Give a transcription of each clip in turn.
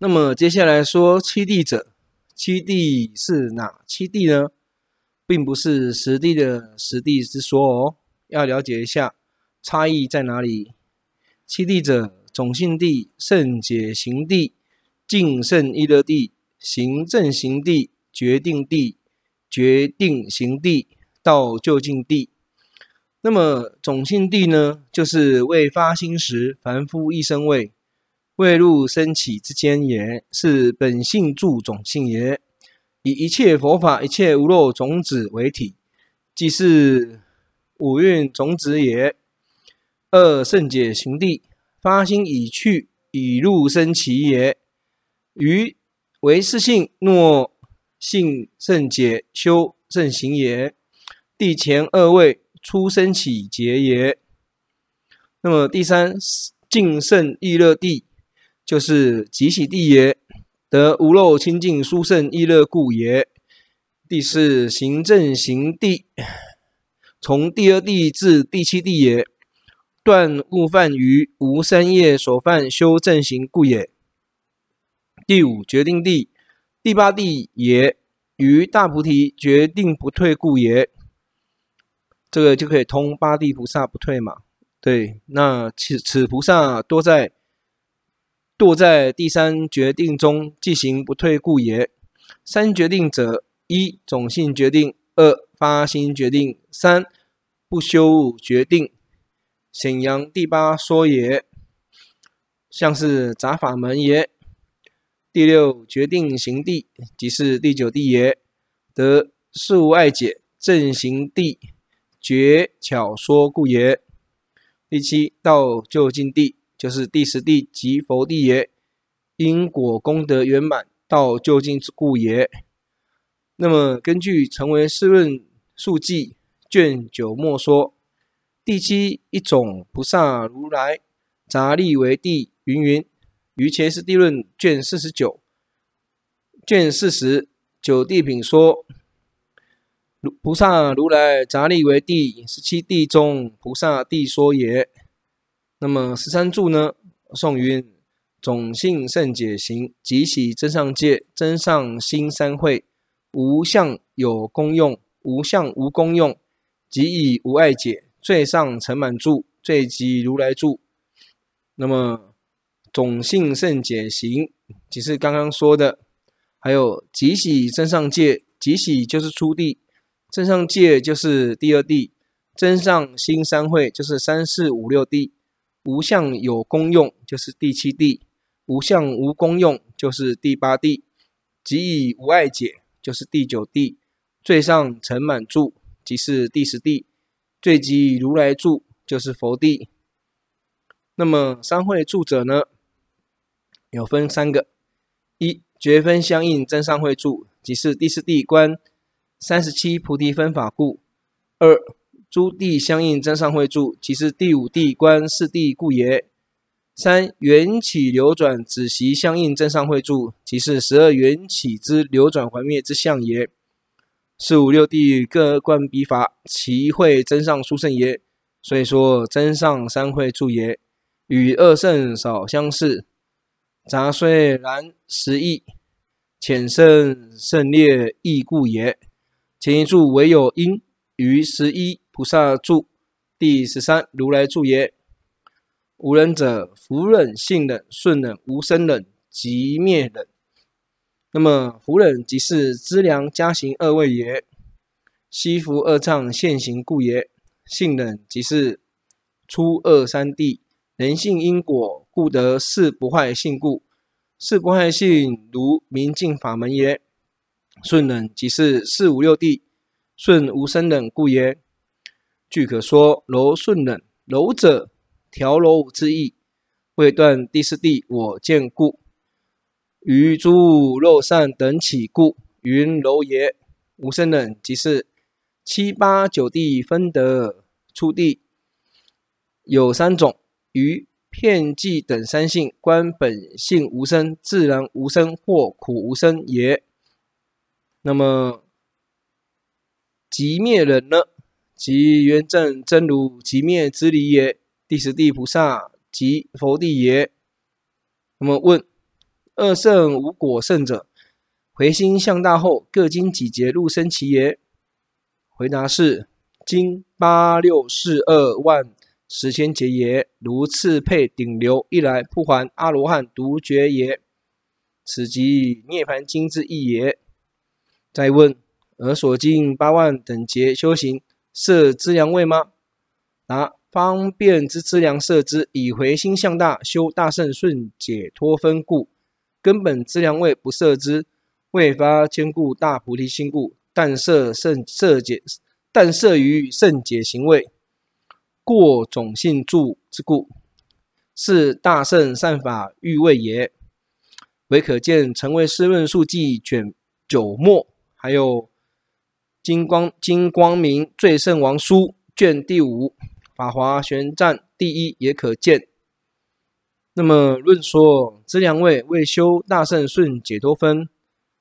那麼接下來說七地者，七地是哪七地呢？並不是十地的十地之說哦，要了解一下差異在哪裡。七地者：種性地、勝解行地、淨勝意樂地、行正行地、決定地、決定行地、到究竟地。那麼種性地呢，就是未發心時凡夫異生位。未入僧祇之間也，是本性住種性也，以一切佛法、一切無漏種子為體，即是五蘊種子也。二勝解行地，發心已去，已入僧祇也。於唯是姓性，若性勝解修勝行也。地前二位初僧祇劫也。那麼第三淨勝意樂地。就是極喜地也，得無漏清淨殊勝意樂故也。第四行正行地，從第二地至第七地也，斷誤犯於無三業所犯修正行故也。第五決定地，第八地也，於大菩提決定不退故也。這個就可以通八地菩薩不退嘛？對，那此此菩薩多在。墮在第三決定中，即行不退故也。三決定者：一、種性決定；二、發心決定；三、不修決定。顯揚第八說也，像是雜法門也。第六決定行地，即是第九地也，得事無礙解正行地，絕巧說故也。第七到究竟地。就是第十地，即佛地也，因果功德圓滿到究竟之故也。那麼根據《成唯識論述記》卷九末說，第七一種菩薩如來雜力為地云云。《瑜伽師地論》卷四十九，卷四十九地品說，菩薩如來雜力為地，十七地中菩薩地說也。那麼十三住呢？頌曰種性勝解行，極喜增上戒，增上心三慧，無相有功用，無相無功用，即以無礙解，最上成滿住，最極如來住。那麼種性勝解行，即是剛剛說的。還有極喜增上戒，極喜就是初地，增上戒就是第二地，增上心三慧就是三四五六地。無相有功用，就是第七地；無相無功用，就是第八地；即以無礙解，就是第九地；最上成滿住，即是第十地；最極如來住，就是佛地。那麼三慧住者呢？有分三個：一、覺分相應增上慧住，即是第四地觀三十七菩提分法故；二、諸諦相應增上慧住，即是第五地觀四諦故也。三緣起流轉，止息相應增上慧住，即是十二緣起之流轉還滅之相也。四五六地各觀彼法，其慧增上殊勝也。所以說增上三慧住也，與二聖少相似。雜碎然十億，淺勝勝劣亦故也。前一住唯有因於十一。菩薩住第十三，如來住也。五忍者，伏忍、信忍、順忍、無生忍，寂滅忍。那麼，伏忍即是資糧加行二位也，息伏二障現行故也。信忍即是初二三地信性因果故得四不壞信故，四不壞信如明鏡法門也。順忍即是四五六地順無生忍故也。據可說柔順忍，柔者調柔之意。未斷第四地我見故，餘諸肉善等起故，云柔也。無生忍即是七八九地分得出地，有三種：於遍計等三性，觀本性無生，自然無生，或苦無生也。那麼寂滅忍呢？即緣正真如即滅之理也。第十地菩薩即佛地也。那麼問二聖五果聖者，回心向大後各經幾劫入生其耶？回答是經八六四二萬十千劫耶。如次配頂流一來不還阿羅漢獨覺耶？此即涅槃經之意也。再問而所經八萬等劫修行。設資糧位嗎？答、啊：方便之資糧設之，以回心向大，修大乘順解脫分故。根本資糧位不設之，未發堅固大菩提心故。但設甚設解，但設於聖解行位。過種性住之故。是大乘善法欲位也。唯可見成唯識論述記卷九末，還有。金光金光明最勝王書卷第五，法華玄贊第一也可見。那麼論說資糧位為修大乘順解脫分，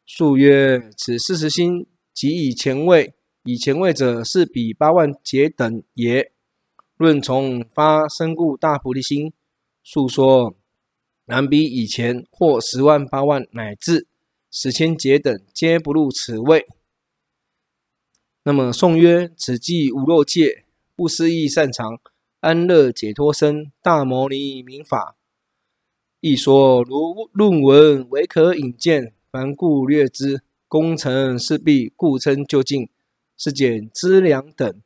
述曰：此四十心即以前位，以前位者是比八萬劫等也。論從發深固大菩提心，述說難比以前或十萬八萬乃至十千劫等，皆不入此位。那麼頌曰：“此即無漏界，不思議善常，安樂解脫身，大牟尼名法。”亦說如論文，唯可引見。凡故略之，功成事畢，故稱究竟。是簡資糧等，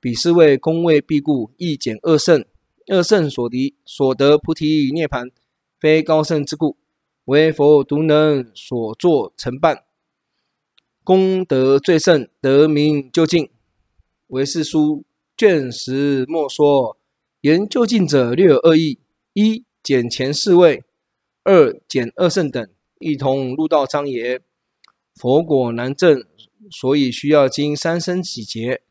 彼是為功未畢故，一簡二乘，二乘所敵所得菩提涅槃，非高勝之故，唯佛獨能所作成辦。功德最勝，得名究竟。唯是書卷十末說，言究竟者略有二意：一簡前四位，二簡二乘等，一同入道。張爺佛果難證，所以需要經三僧祇劫。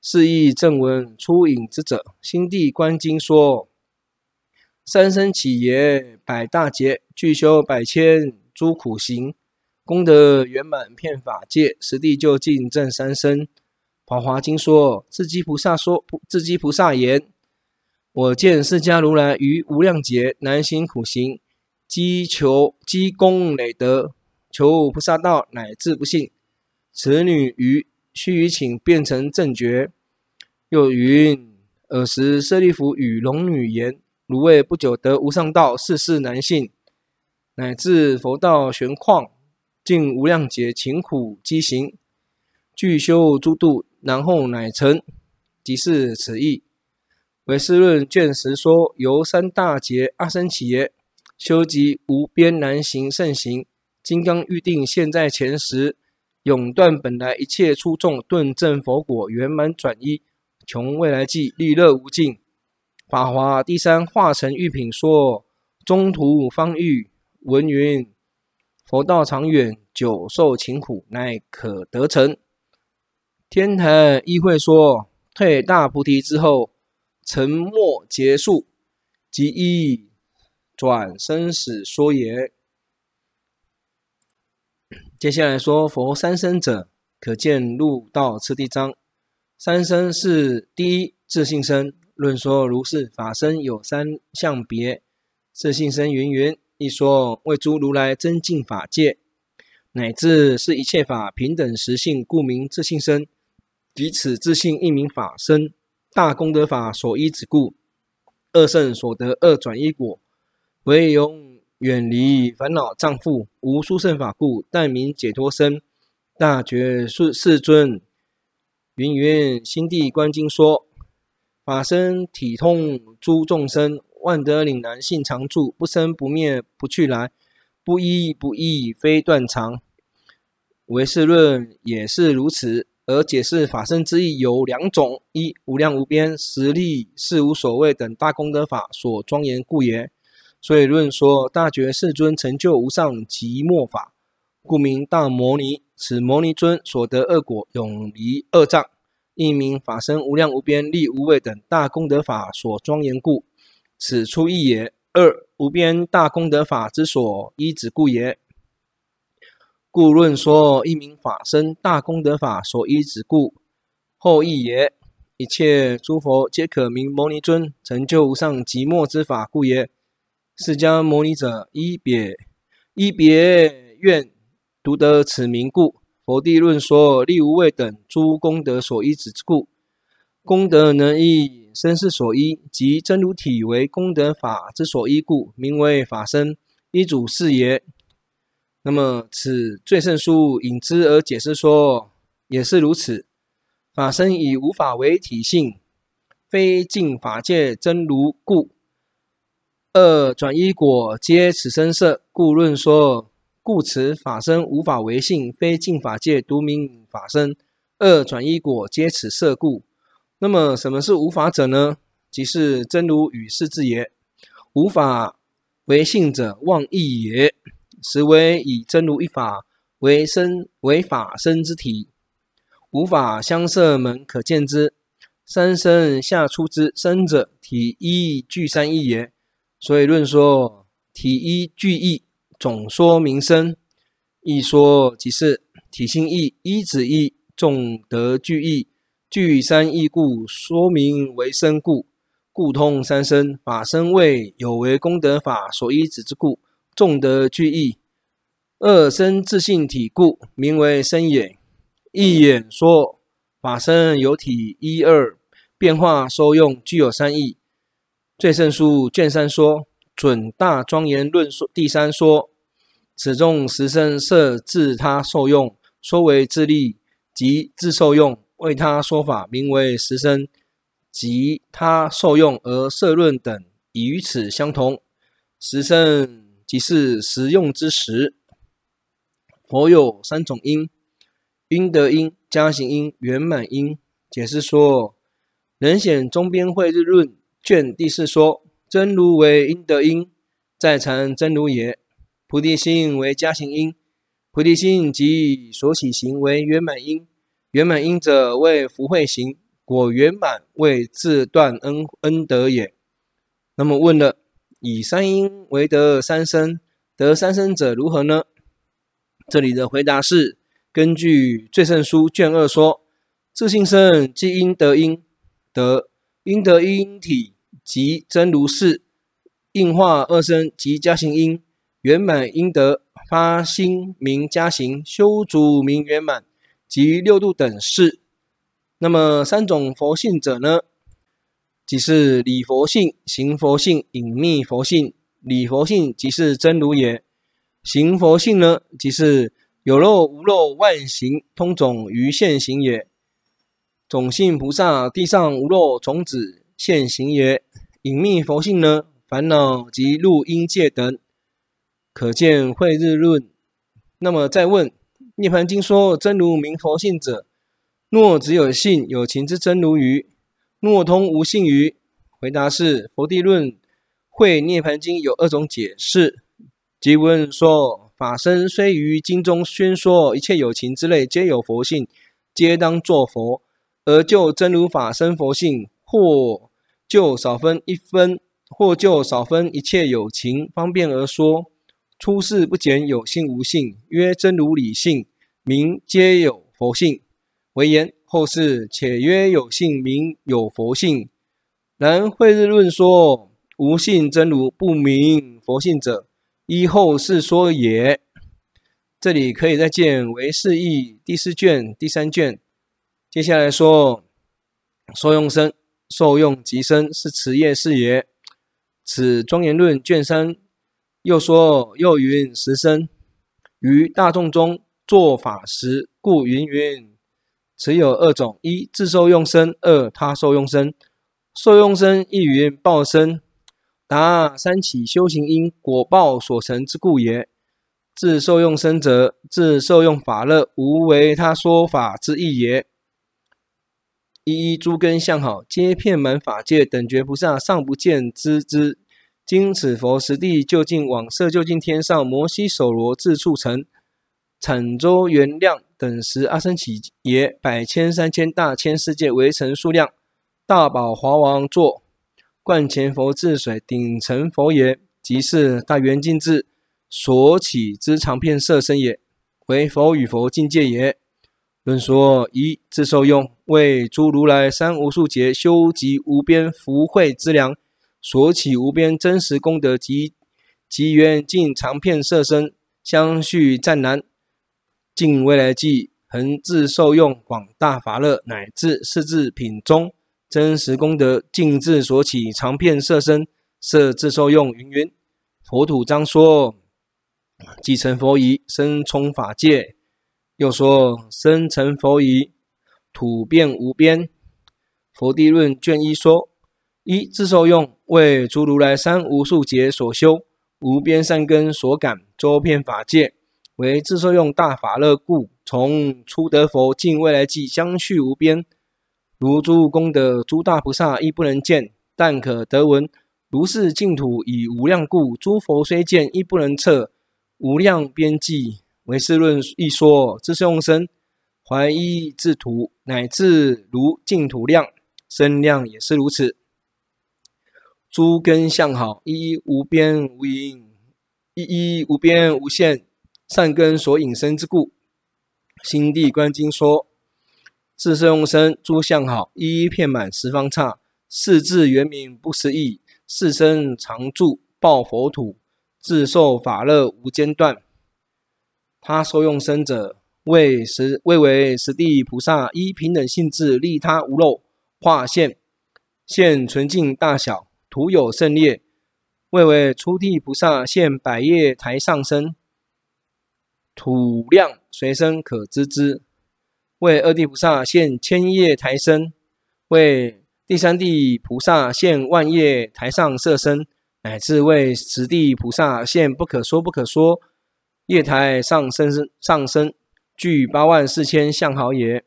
是以正文初引之者，心地觀經說：三僧祇劫，百大劫具修百千諸苦行。功德圓滿，遍法界。十地究竟，證三身。法華經說：智積菩薩說，智積菩薩言：我見釋迦如來於無量劫難行苦行，積求積功累德，求菩薩道乃至不信。此女於須臾頃變成正覺。又雲：爾時舍利弗與龍女言：汝謂不久得無上道，世世難信，乃至佛道懸曠。盡無量劫勤苦積行，具修諸度，然後乃成，即是此意。唯識論卷十說：由三大劫阿僧企耶，修集無邊難行勝行，金剛喻定現在前時，永斷本來一切出眾頓證佛果圓滿轉依，窮未來際利樂無盡。法華第三化城喻品說：中途方遇文雲。佛道長遠，久受勤苦，乃可得成。天台一會說，退大菩提之後，沉默結束，即一轉身死。說也。接下來說佛三生者，可見入道次第章。三身是第一自性身。論說如是法身有三相別，自性身云云。亦說為諸如來真淨法界，乃至是一切法平等實性，故名自性身。即此自性亦名法身，大功德法所依止故，二聖所得二轉依果，唯永遠離煩惱障縛，無殊勝法故，但名解脫身。大覺世世尊，云云。心地觀經說，法身體遍諸眾生。萬德嶺南性常住，不生不滅，不去來，不依不異，非斷常。唯識論也是如此，而解釋法身之意有兩種：一無量無邊、十力、四無所畏等大功德法所莊嚴故也。所以論說大覺世尊成就無上寂默法，故名大摩尼。此摩尼尊所得二果永離二障，亦名法身無量無邊力無畏等大功德法所莊嚴故。此出義也。二無邊大功德法之所依止故也。故論說一名法身大功德法所依止故，後義也。一切諸佛皆可名牟尼尊，成就無上寂默之法故也。釋迦牟尼者依別，依別依別願獨得此名故。佛地論說力無畏等諸功德所依止之故，功德能益。身是所依，即真如體為功德法之所依故，故名為法身。依主事也。那麼此最勝疏引之而解釋說，也是如此。法身以無法為體性，非淨法界真如故。二轉依果皆此身色故，論說故此法身無法為性，非淨法界，獨名法身。二轉依果皆此色故。那麼，什麼是無法者呢？即是真如與世之也。無法為性者，妄意也。實為以真如一法為身，為法身之體。無法相攝門可見之。三身下出之身者，體一具三義也。所以論說體一具義，總說名身一說，即是體性義依止義,義，眾德具義。具三義故，說名為身故，故通三身法身未有為功德法所依止之故，眾德具義。二身自性體故，名為身也。一眼說法身有體一二變化受用，具有三義。最勝書卷三說準大莊嚴論說第三說，此眾十身攝自他受用，說為自利及自受用。為他說法，名為實生，即他受用而攝論等，已與此相同。實生即是實用之時。佛有三種因：因德因、加行因、圓滿因。解釋說，《能顯中邊慧日論》卷第四說：真如為因德因，在纏真如也；菩提心為加行因，菩提心即所起行為圓滿因。圓滿因者為福慧行果圓滿為智斷恩恩德也。那麼問了，以三因為得三身，得三身者如何呢？這裡的回答是，根據《最勝書》卷二說，自性身即因得因得因得因體即真如是，應化二身即加行因圓滿因得發心名加行修足名圓滿。及六度等事，那麼三種佛性者呢？即是理佛性、行佛性、隱秘佛性。理佛性即是真如也；行佛性呢，即是有漏無漏萬行通種於現行也。種性菩薩地上無漏種子現行也。隱秘佛性呢？煩惱及錄音界等。可見《慧日論》，那麼再問。涅槃經說真如名佛性者，若只有性有情之真如於，若通無性於？回答是《佛地論》會涅槃經有二種解釋。即問說法身雖於經中宣說一切有情之類皆有佛性，皆當作佛，而就真如法身佛性，或就少分一分，或就少分一切有情方便而說，出世不減有性無性，曰真如理性。名皆有佛性。為言後世且曰有性名有佛性，然惠日論說無性真如不明佛性者，依後世說也。這裡可以再見為是義第四卷第三卷。接下來說受用身，受用即身是持業是也。此莊嚴論卷三又說又云實身於大眾中。做法時故云云，此有二種：一自受用身，二他受用身。受用身亦云報身，答三祇修行因果報所成之故也。自受用身者，自受用法樂，無為他說法之意也。一一諸根相好，皆遍滿法界等覺菩薩，尚不見知之。今此佛實地究竟往色，究竟天上摩醯首羅自處成。產周原量等十二生起也，百千三千大千世界圍城數量，大寶華王座，灌前佛智水，頂成佛也，即是大圓鏡智所起之常遍色身也，為佛與佛境界也。論說一自受用，為諸如來三無數劫修集無邊福慧資糧，所起無邊真實功德及極圓淨常遍色身相續湛然盡未來際恆自受用廣大法樂，乃至四智品中真實功德盡自所起常遍色身是自受用云云。佛土章說，既成佛儀生充法界。又說生成佛儀土變無邊。佛地論卷一說，一自受用為諸如來三無數劫所修無邊善根所感周遍法界。為自受用大法樂故，從初得佛盡未來際相續無邊。如諸功德、諸大菩薩亦不能見，但可得聞。如是淨土以無量故，諸佛雖見亦不能測無量邊際。為是論意說，自受用身還依自土，乃至如淨土量身量也是如此。諸根相好一一無邊無垠，一一無邊無限。善根所引生之故，心地觀經說：自受用身諸相好，一一片滿十方剎；四智圓明不思議，四身常住報佛土，自受法樂無間斷。他受用身者，為十為為十地菩薩，依平等性智，利他無漏化現現純淨大小，徒有勝劣，為為初地菩薩現百葉台上身。土量隨身可知之，為二地菩薩現千葉台身，為第三地菩薩現萬葉台上色身，乃至為十地菩薩現不可說不可說葉台上身上身，具八萬四千相好也。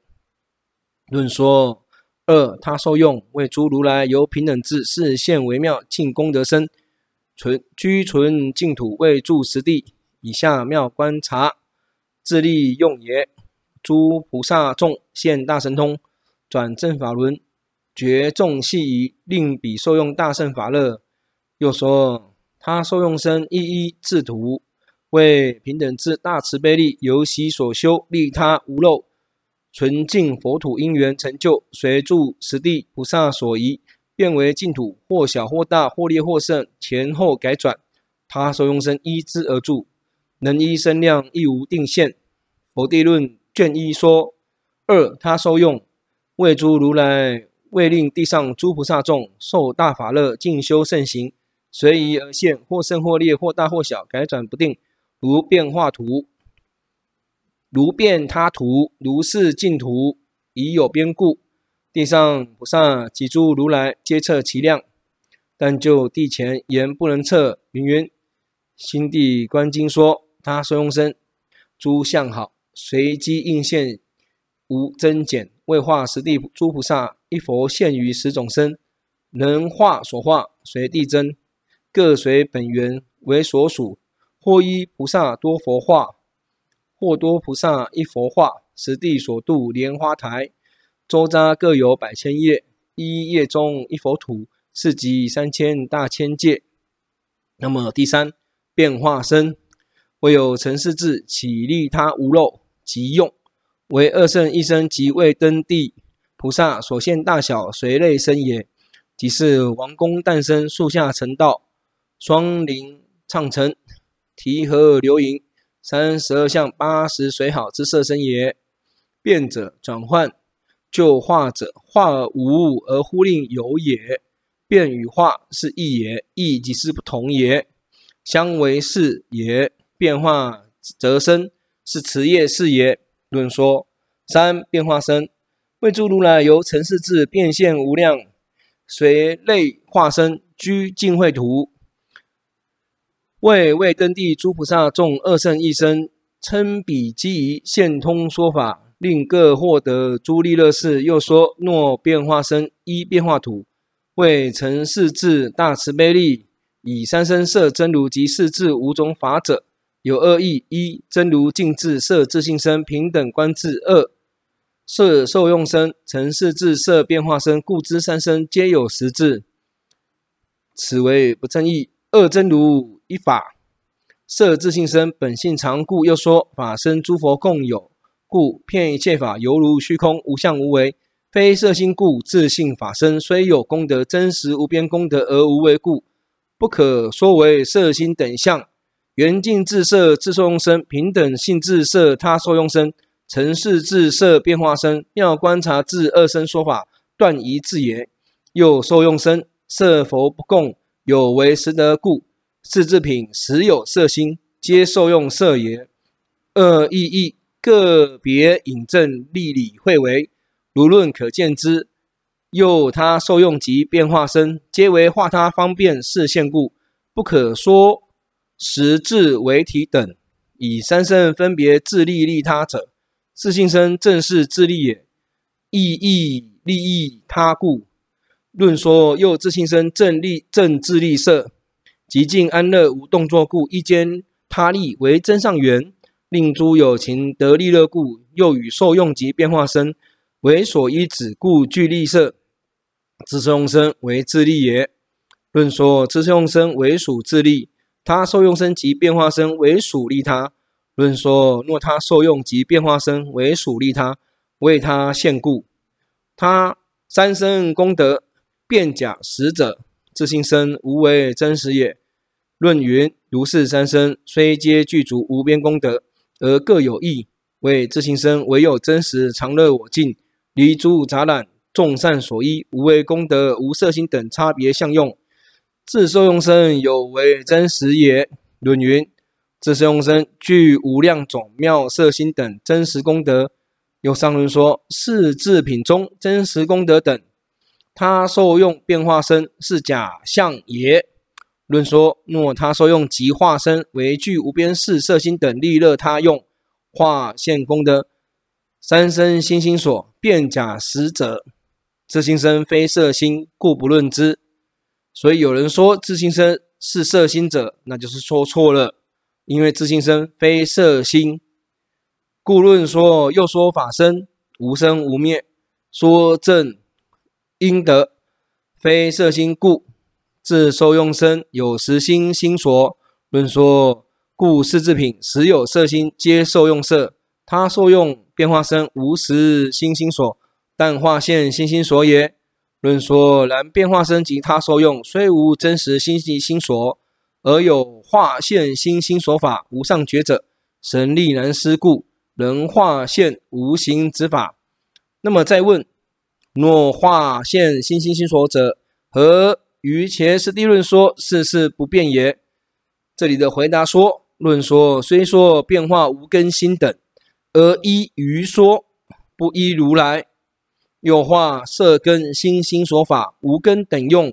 論說二他受用為諸如來由平等智示現微妙淨功德身，居純淨土為住十地，以下妙觀察。自利用也，諸菩薩眾現大神通，轉正法輪，覺眾系疑，令彼受用大聖法樂。又說他受用身一一自土，為平等智、大慈悲力，由其所修利他無漏，純淨佛土因緣成就，隨諸十地菩薩所宜，變為淨土，或小或大，或劣或勝，前後改轉，他受用身依之而住。能依身量亦無定限，《佛地論》卷一說。二他受用謂諸如來，為令地上諸菩薩眾受大法樂，進修勝行，隨宜而現，或勝或劣，或大或小，改轉不定，如變化土，如變他土，如是淨土以有邊故。地上菩薩及諸如來皆測其量，但就地前言不能測。雲雲，《心地觀經》說。他受用身，諸相好，隨機應現無增減。為化十地諸菩薩，一佛現於十種身，能化所化隨地增，各隨本源為所屬。或一菩薩多佛化，或多菩薩一佛化。十地所度蓮花台，周匝各有百千葉，一葉中一佛土，四級三千大千界。”那麼第三變化身。唯有成世智起利他無漏即用，未二聖一生即為登地菩薩所現大小隨類身也，即是王宮誕生樹下成道，雙林唱成，提河流盈，三十二相八十隨好之色身也。變者轉換，就化者化而無物而忽令有也。變與化是異也，異即是不同也，相為是也。變化則身，是持業釋也論說。三變化身，謂諸如來由成事智變現無量隨類化身，居淨穢土，為未登地諸菩薩眾二乘異生，稱彼機宜現通說法，令各獲得諸利樂事。又說：若變化身，一變化土，為成事智大慈悲力，以三身攝真如及四智五種法者。有二義，一真如淨智色自性身平等觀智；二色受用身成事智色變化身。故知三身皆有實智。此為不正義。二真如一法，色自性身本性常故，又說法身諸佛共有。故遍一切法猶如虛空，無相無為，非色心故。自性法身雖有功德，真實無邊功德而無為故，不可說為色心等相。圓鏡智色自受用身，平等性智色他受用身，成事智色變化身，妙觀察智二身說法斷疑智也。又受用身色佛不共有為實得故，四智品實有色心皆受用色也。二意義個別引證立理會為，如論可見之。又他受用及變化身皆為化他方便示現故，不可說。十智為體等，以三身分別自利利他者，自性身正是自利也。意益利益他故，論說又自性身正利正自利色，極靜安樂無動作故，一兼他利為真上緣，令諸有情得利樂故。又與受用及變化身為所依止故具利色，自性身為自利也。論說自性身為屬自利。他受用身及變化身為，為屬利他論說。若他受用及變化身，為屬利他，為他現故。他三身功德變假實者，自性身無為真實也。論云：如是三身雖皆具足無邊功德，而各有異。謂自性身，唯有真實常樂我淨，離諸雜染，眾善所依，無為功德，無色心等差別相用。自受用身有為真實也。論云：自受用身具無量種妙色心等真實功德。有上論說四智品中真實功德等，他受用變化身是假相也。論說若他受用即化身為具無邊事色心等利樂他用化現功德，三生心心所變假實者，自心生非色心，故不論之。所以有人說自性身是色心者，那就是說錯了，因為自性身非色心。故論說又說法身無生無滅，說正應得非色心故，自受用身有時心心所論說，故四智品時有色心皆受用色，他受用變化身無時心心所，但化現心心所也。論說然變化身及他受用，雖無真實心性心所，而有化現心心所法，無上覺者神力難思故，能化現無形之法。那麼再問：若化現心心心所者，何於前世地論說世事不變也。這裡的回答說：論說雖說變化無根心等，而依於說，不依如來。有化色根，心心所法，無根等用。